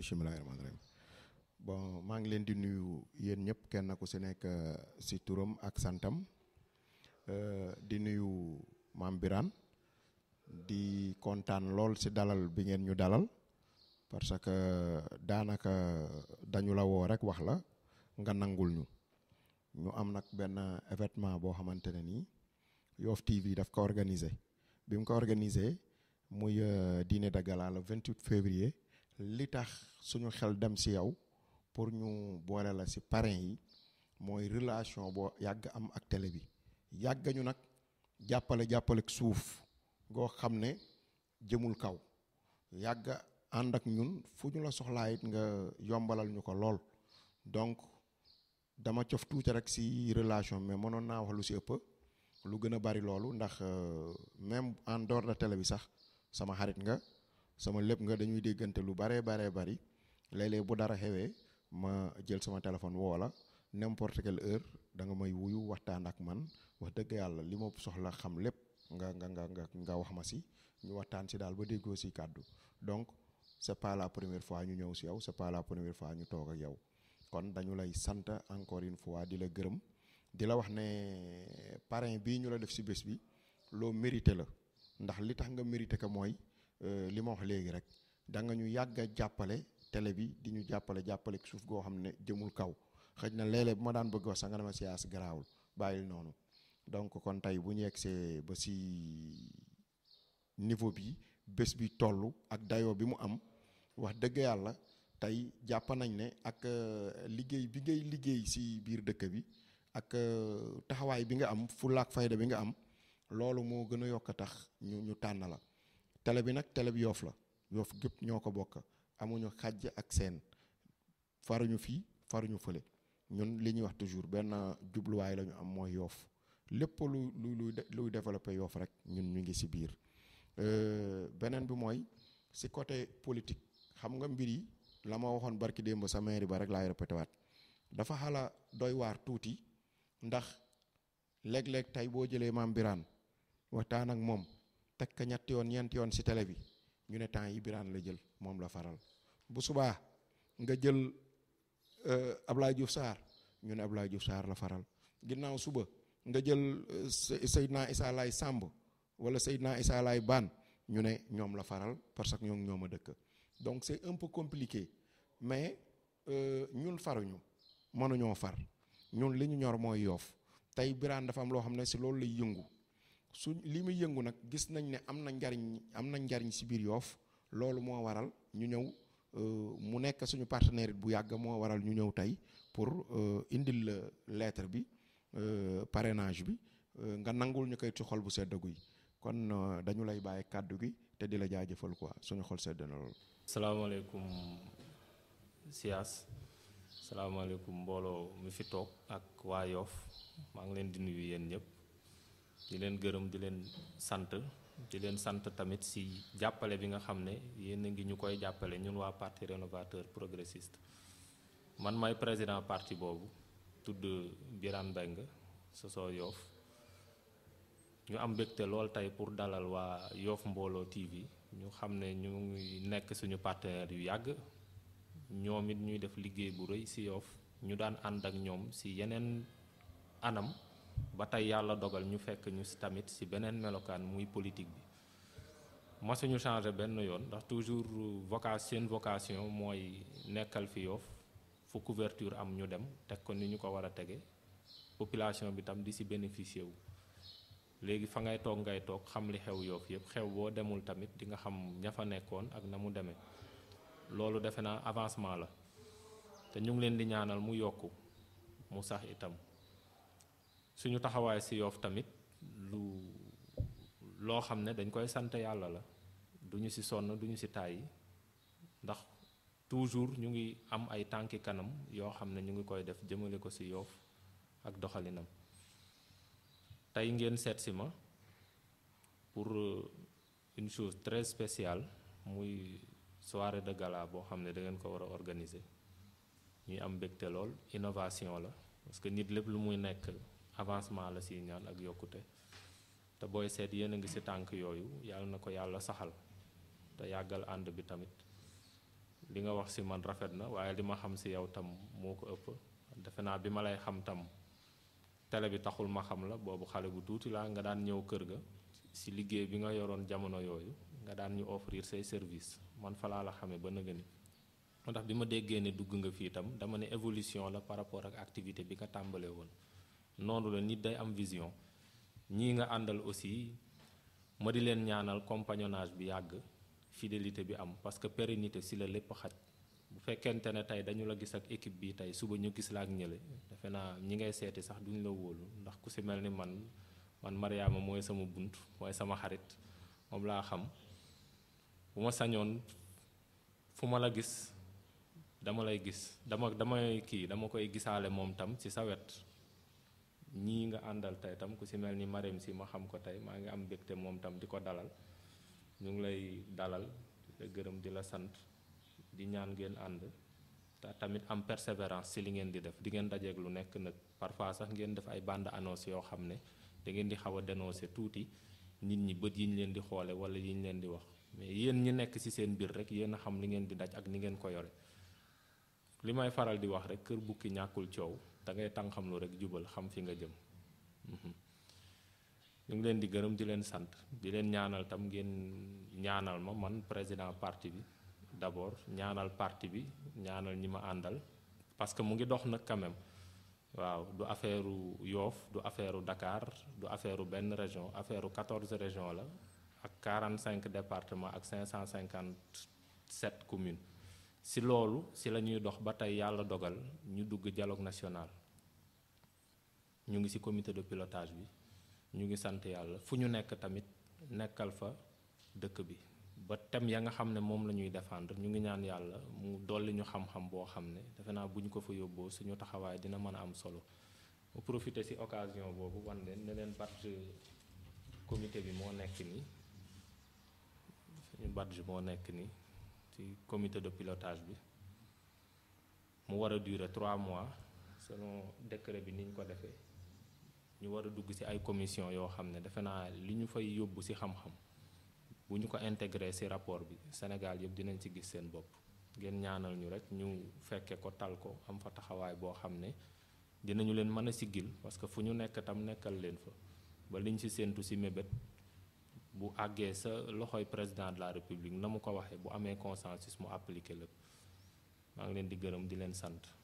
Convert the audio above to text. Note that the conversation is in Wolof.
bismillahirrahmanirrahim bon maa ngi len di nuyu yéen ñëpp kenn ku si nekk si turam ak santam euh, di nuyu maam Birane di kontan lol si dalal bi ngeen ñu dalal parce que daanaka dañu la woo rek wax la nga nangul ñu ñu am nag benn événement boo xamante ne nii TV daf ko organisé bi mu ko organisé muy euh, dîner de le 28 février li tax suñu xel dem si yow pour ñu boole la si parrain yi mooy relation boo yàgg am ak télé bi yàgg ñu nag jàppale jàppale ak suuf goo xam ne jëmul kaw yàgg ànd ak ñun fu ñu la soxlaa it nga yombalal ñu ko lool donc dama cof tuuti rek si relation mais mënoon naa wax lu si ëpp lu gën a bari loolu ndax euh, même en dehors télé bi sax sama xarit nga sama lepp nga dañuy déggante lu bare bare bari lay bu dara xewé ma jël sama téléphone wo la n'importe quelle heure da nga may wuyu waxtaan ak man wax deug yalla limo soxla xam lepp nga nga nga nga nga wax ma si ñu waxtaan ci dal ba déggo ci cadeau donc c'est pas la première fois ñu ñew ci yow c'est pas la première fois ñu tok ak yow kon dañu lay sante encore une fois di la gërëm di la wax ne parrain bi ñu la def ci bés bi lo mérité la ndax li tax nga mérité ka moy Euh, li ma wax léegi rek da nga ñu yàgg a jàppale télé bi di ñu jàppale jàppale suuf goo xam ne jëmul kaw xëj na léeg bu ma daan bëgg wax sax nga dama siyaas garaawul bàyyil noonu donc kon tey bu ñu yegsee ba si niveau bi bés bi toll ak dayo bi mu am wax dëgg yàlla tey jàpp nañ ne ak euh, liggéey bi ngay liggéey si biir dëkk bi ak euh, taxawaay bi nga am fulaak fayda bi nga am loolu moo gën a yokk a tax ñu ñu tànn la télé bi nag télé bi yoof la yoof gépp ñoo ko bokk amuñu xàjj ak seen faruñu fii faruñu fële ñun li ñuy wax toujours benn jubluwaay la ñu am mooy yoof lépp lu lu luy luy développé yoof rek ñun ñu ngi si biir euh, beneen bi mooy si côté politique xam nga mbir yi la ma waxoon barki démb sa mairie ba rek laay répété waat dafa xala doy waar tuuti ndax léeg-léeg tey boo jëlee maam biraan waxtaan ak moom tek ka ñetti yoon ñent yoon ci télé bi ñu ne temps yi la jël moom la faral bu suba nga jël euh, Ablaye Diouf sar ñu ne Ablaye Diouf sar la faral ginnaw suba nga jël euh, sayyidna isa lay Samb wala sayyidna isa lay Ban ñu ne ñom la faral parce que ñoom ñoma dekk donc c'est un peu compliqué mais euh, ñun faruñu ñoo far ñun liñu ñor moy yof tay biran dafa am lo xam ci loolu lay yëngu su li muy yëngu nag gis nañ ne am na njariñ am na njariñ si biir yoof loolu moo waral ñu ñëw euh, mu nekk suñu partenaire bu yàgg moo waral ñu ñëw tey pour euh, indil la lettre bi euh, parrainage bi nga nangul ñu koy ci xol bu sedd guy kon dañu lay bàyyi kàddu gi te di la jaajëfal quoi suñu xol sedd na lool. salaamaaleykum Sias salaamaaleykum mbooloo mi fi toog ak waa Yoff maa ngi leen di nuyu yéen ñëpp. di len gërëm di len sante di len sante tamit si jappalé bi nga xamné yeen ngi ñukoy jappalé ñun wa parti rénovateur progressiste man may président parti bobu tudd biran benga soso yof ñu am mbégte lool tay pour dalal wa yof mbolo TV ñu xamné ñu ngi nekk suñu partenaire yu yàgg ñoom buru ñuy def liggéey bu reuy si yof ñu daan and ak ñom si yenen anam ba tey yàlla dogal ñu fekk ñu si tamit si beneen melokaan muy politique bi masuñu changé benn yoon ndax toujours vocation seen vocation mooy nekkal fi Yoff fu couverture am ñu dem teg ko ni ñu ko war a tege population bi tam di si bénéficier wu léegi fa ngay toog ngay toog xam li xew yoof yëpp xew boo demul tamit di nga xam ña fa nekkoon ak na mu demee loolu defe naa avancement la te ñu ngi leen di ñaanal mu yokku mu sax itam suñu taxawaay si yoof tamit lu loo xam ne dañ koy sant yàlla la duñu si sonn duñu si tàyyi ndax toujours ñu ngi am ay tànki kanam yoo xam ne ñu ngi koy def jëmale ko si yoof ak doxalinam tey ngeen seet si ma pour euh, une chose très spéciale muy soirée de gala boo xam ne da ngeen ko war organiser ñuy am mbégte lool innovation la parce que nit lépp lu muy nekk avancement la siy ñaan ak yokuté té boy sét yéen nga ci tank yoyu yalla nako yalla ko saxal té yagal and bi tamit li nga wax ci man rafet na waye li ma xam ci yow tam moko ëpp defe na bi ma lay xam tam télé bi taxul ma xam la bobu xalé bu tuuti la nga daan ñëw kër ga si liggéey bi nga yoron jamono yoyu nga daan ñu offrir say service man falaa la xamé ba nëga ni ndax bima bi ma dugg nga fi tam dama né évolution la par rapport ak activité bi nga tambalé won noonu la nit day am vision ñii nga àndal aussi ma di leen ñaanal compagnonnage bi yàgg fidélité bi am parce que pérennité si la lépp xaj bu fekkente ne tey dañu la gis ak équipe bii tey suba ñu gis la ak ñële defe naa ñi ngay seeti sax duñ la wóolu ndax ku si mel ni man man Mariama mooy sama bunt mooy sama xarit moom laa xam bu ma sañoon fu ma la gis dama lay gis dama damay kii dama koy gisaale moom tam ci sa wet ñi nga andal tay tam ku si melni ni Marème si ma xam ko tay ma nga am mbégte mom tam di dalal ñu ngi lay dalal di la gërëm di la sant di ñaan ngeen and ta tamit am persévérance ci li ngeen di def di ngeen dajeeg lu nekk nak parfois sax ngeen def ay bande annonce yo xam ne da ngeen di xawa dénoncer touti nit ñi bëd yi ñu leen di xolé wala yi ñu leen di wax mais yeen ñi nekk si seen bir rek yeen xam li ngeen di daj ak ni ngeen ko yoré limay faral di wax rek kër bukki ciow da ngay lu rek jubal xam fi nga jëm mhm. ñu ngi leen di gërëm di leen sant di leen ñaanal tam ngeen ñaanal ma man président parti bi d'abord ñaanal parti bi ñaanal ñi ma àndal parce que mu ngi dox nag quand même waaw du affaire Yoff du affaire Dakar du affaire benn région affaire 14 région la ak 45 département ak 557 communes si loolu si la ñuy dox ba tey yàlla dogal ñu dugg dialogue national ñu ngi ci comité de pilotage bi ñu ngi sant yàlla fu ñu nekk tamit nekkal fa dëkk bi ba thème ya nga xam ne moom la ñuy défendre ñu ngi ñaan yàlla mu dolli ñu xam-xam boo xam ne defe naa bu ñu ko fa yóbboo suñu taxawaay dina mën a am solo mu profiter ci occasion boobu wan leen ne leen badge comité bi moo nekk nii suñu badge moo nekk nii ci comité de pilotage bi mu war a durer trois mois selon décret bi niñ ko defee ñu war a dugg si ay commission yoo xam ne defe naa li ñu fay yóbbu si xam-xam bu ñu ko intégré si rapport bi Sénégal yëpp dinañ ci gis seen bopp ngeen ñaanal ñu rek ñu fekke ko tal ko am fa taxawaay boo xam ne dinañu leen mën a parce que fu ñu nekk tam nekkal leen fa ba liñ si séentu si mébét bu àggee sa loxoy président de la république namu mu ko waxee bu amee consensus mu appliqué lépp maa ngi leen di gërëm di leen sant